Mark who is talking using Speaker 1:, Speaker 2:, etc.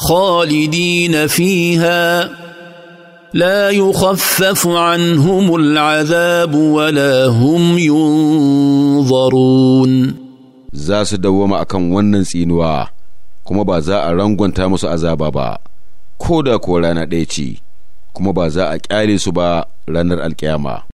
Speaker 1: خالدين فيها لا يخفف
Speaker 2: عنهم العذاب ولا هم ينظرون za su dawwama kan wannan tsinuwa kuma ba za a rangwanta musu azaba ba ko da ko rana ɗaya ce kuma ba za a ƙyale su
Speaker 3: ba ranar alƙyama